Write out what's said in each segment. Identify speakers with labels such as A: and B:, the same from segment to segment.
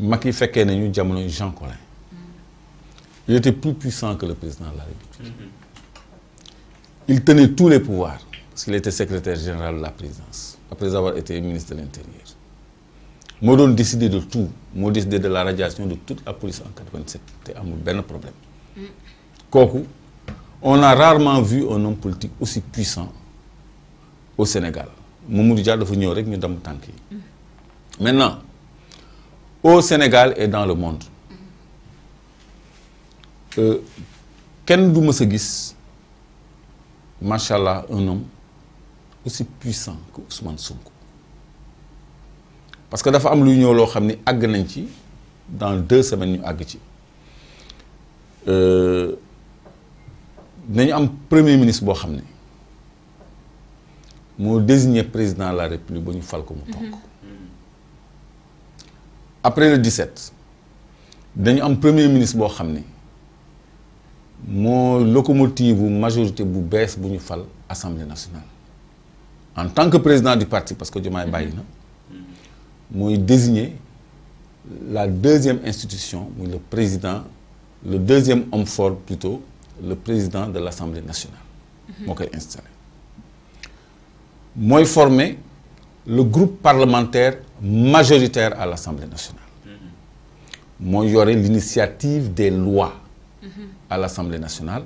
A: Macky fekkee nañu jamono Jean Collin il était plus puissant que le président de la République il tenait tous les pouvoirs parce qu'il était secrétaire général de la présidence après avoir été ministre de l'intérieur Il décidait décidé de tout a décidé de la radiation de toute la police en 87 C'était un problème Kokou, on a rarement vu un homme politique aussi puissant au Sénégal Mamadou Diallo dafa ñëw rek ñu maintenant au Sénégal et dans le monde euh, kenn du un homme aussi puissant que Ousmane Sonko parce que dafa am dans deux semaines ñu ci euh, premier ministre qui xamni désigné président de la république ñu après le 17 dañu un premier ministre qui a été locomotive ou majorité bu bees de assemblée nationale en tant que président du parti parce que je m'ai mm-hmm. na je désigner la deuxième institution où le président le deuxième homme fort plutôt le président de l'assemblée nationale Je mm-hmm. installer. installé former le groupe parlementaire majoritaire à l'Assemblée nationale. y aurait l'initiative des lois à l'Assemblée nationale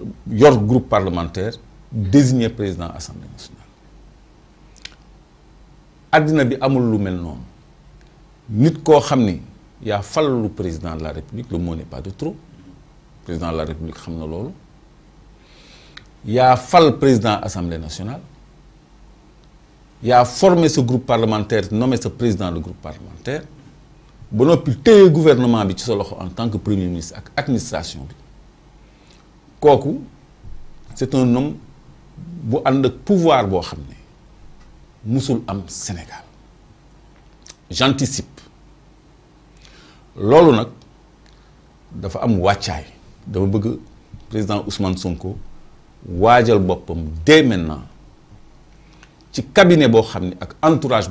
A: un groupe parlementaire désigné président l'Assemblée nationale Adina bi amul lu mel non. nit Il y y président de la République le mot n'est pas de trop président de la République Il y a un fal président Assemblée nationale il a formé ce groupe parlementaire nommé ce président du groupe parlementaire Bon, puis le gouvernement en tant que premier ministre et administration bi c'est un homme qui a le pouvoir de le ne musul am Sénégal j'anticipe loolu un dafa am veux que le président Ousmane Sonko Wajal boppam dès maintenant cabinet et entourage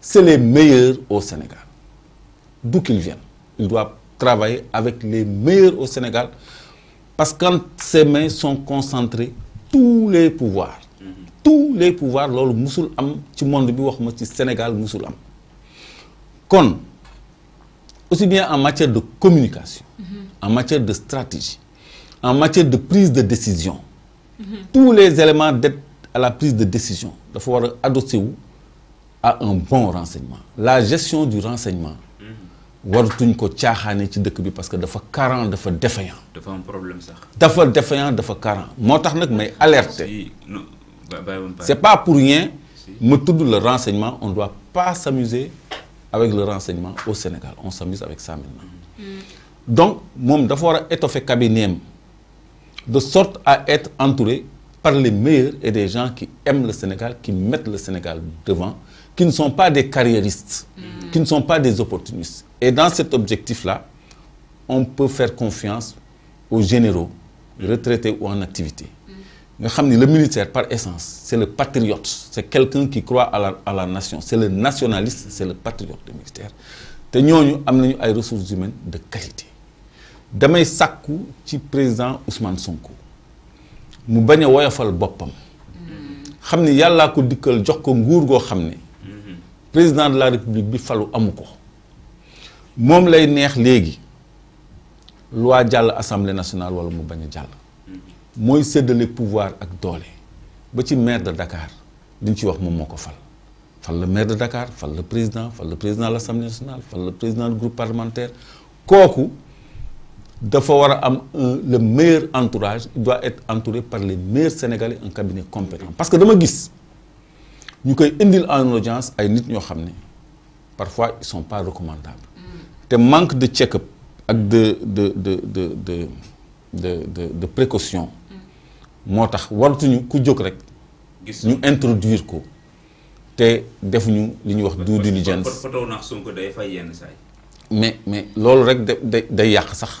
A: c'est les meilleurs au Sénégal d'où qu'ils viennent il doit travailler avec les meilleurs au Sénégal parce qu'en ses mains sont concentrés tous les pouvoirs mhm. tous les pouvoirs loolu musul monde Sénégal Moussoulam. aussi bien en matière de communication mhm. en matière de stratégie en matière de prise de décision mhm. tous les éléments d'être à la prise de décision Il faut adopter à un bon renseignement la gestion du renseignement
B: mhm.
A: waratuñ ko caaxaane ci dëkk bi parce que dafa carent dafa défaillant
B: dafa un problème sax
A: dafa défaillant dafa carent moo tax nag may alerter c'est pas pour rien Mais tudd le renseignement on doit pas s'amuser avec le renseignement au Sénégal on s'amuse avec ça maintenant mm. donc il dafa être a étoffer cabinet de sorte à être entouré par les meilleurs et des gens qui aiment le Sénégal, qui mettent le Sénégal devant, qui ne sont pas des carriéristes, mm. qui ne sont pas des opportunistes. Et dans cet objectif-là, on peut faire confiance aux généraux, retraités ou en activité. Mm. Le militaire, par essence, c'est le patriote, c'est quelqu'un qui croit à la, nation, c'est le nationaliste, c'est le patriote, du militaire. Nous nous des ressources humaines de qualité damay Sakou, qui président Ousmane Sonko mu bañ a woyofal boppam xam ni yàllaa ko dikkal jox ko nguur goo xam ne président de la république bi falu amu ko moom lay neex léegi waa jàll assemblée nationale wala mu bañ a jàll mooy séddale pouvoir ak doole ba ci maire de Dakar li ñu ci wax moom moo ko fal fal la maire de Dakar fal la président fal la président la l'assemblée nationale fal la président du groupe parlementaire kooku dafa le meilleur entourage il doit être entouré par les meilleurs sénégalais en cabinet compétent parce que dama gis ñu koy indil en audience à nit ñoo parfois ils sont pas recommandables le manque de check-up ak de de de de de de de de précaution moo tax nous ku jóg rek. ñu introduire ko te defuñu li ñuy wax due diligence. mais mais loolu rek day day sax.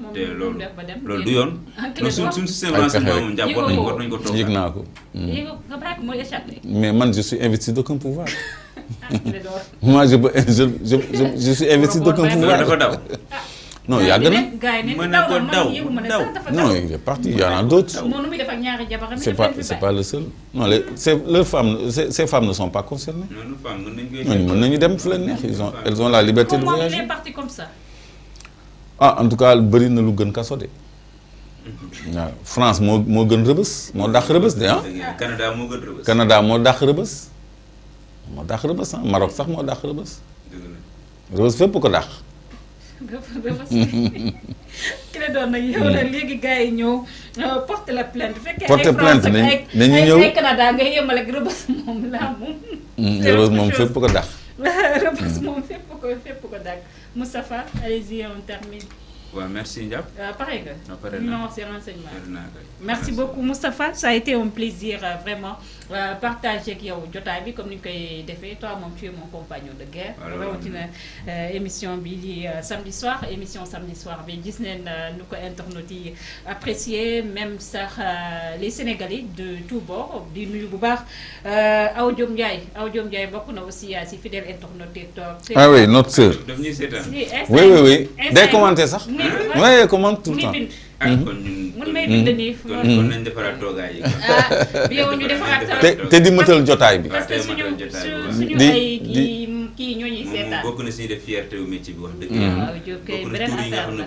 A: Hmm. mais je suis investi d'aucun pouvoir. Ah, moi je ah, suis investi d'aucun pouvoir. non il est parti il y en a d'autres. c'est pas pas le seul. ces femmes ne sont pas concernées. elles ont la liberté de voyager. ah en tout cas bëri na lu gën kaso de France moo moo gën rëbës moo dàq rëbës de ah.
B: Canada moo gën rëbës.
A: Canada moo dàq rëbës moo dàq rëbës ah Maroc sax moo dàq rëbës. rëbës fépp ko dàq.
C: ki la doon nag yow la léegi gars yi ñëw euh, porte la plainte fekkee porte plainte nañ nañu ñëw ay Canada nga yëmal ak rëbës moom laa moom.
A: Mm, rëbës moom fépp ko dàq.
C: On fait pour on fait pour que, Moustapha, allez-y, on termine.
B: Ouais, merci Ndiab.
C: Euh, pareil non, c'est renseignement. Merci, merci beaucoup Moustapha, ça a été un plaisir euh, vraiment euh, partager avec yow Jota, bi comme ni koy défé toi mon, tu mon compagnon de guerre. euh, émission bi euh, samedi soir, émission samedi soir Mais, Disney, nous, nu internautes même ça. Euh, les sénégalais de tout bord di nuyu bu baax Aw beaucoup nous Aw aussi si fidèle internaute Ah oui, notre sœur. Eh, oui oui
B: oui. Dès commenter ça may commande tout le temps mun may bind nii. kon
A: nañ defaraat toogaay yi. Ah, bi yow ñu defaraat te di mëtal jotaay bi. parce que suñu suñu ay kii
C: kii ñooñu seetaan. def mm-hmm.
B: fierté mm-hmm.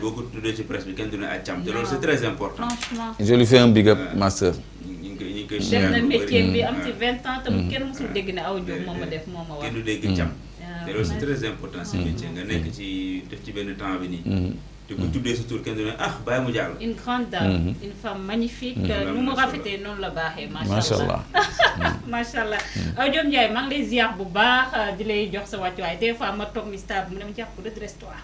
B: boo ko tuddee ci presse bi kenn du ne àccam te loolu c'est très important.
A: big up ma sœur. Ah, mm-hmm. métier bi am
C: ci ah. vingt ans tam kenn musul dégg ne aw jóg moom ma def moom ma wax. kenn du dégg cam. te loolu c'est très
B: important si métier nga nekk ci def ci benn temps bi nii. te bu tuddee sa tur kenn ne ah bàyyi mu jàll.
C: une grande dame. Mhm. une femme magnifique. Mhm. nu mu rafetee noonu la baaxee. macha allah macha allah. Mhm. Euh, Diome Ndiaye maa ngi lay ziar bu baax euh, di lay jox sa wàccuwaay des fois ma toog mi stade mu ne ma jàpp redress toi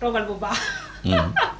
C: toogal bu baax.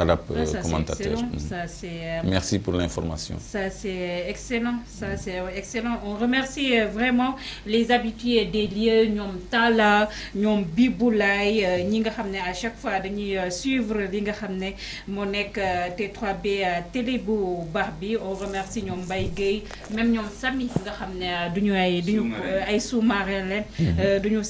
A: Euh, commentateur. Mm. Euh, Merci pour l'information.
C: Ça, c'est excellent. Ça, c'est excellent. On remercie euh, vraiment les habitués des lieux, Nyom Tala, Nyom Biboulay, Nyingahamne, à chaque fois, de suivre Nyingahamne, Monek T3B, Télébou, Barbie. On remercie Nyom Baïgay, même Nyom Sami, Nyingahamne, Dunyo Aïsou Marelle, Dunyo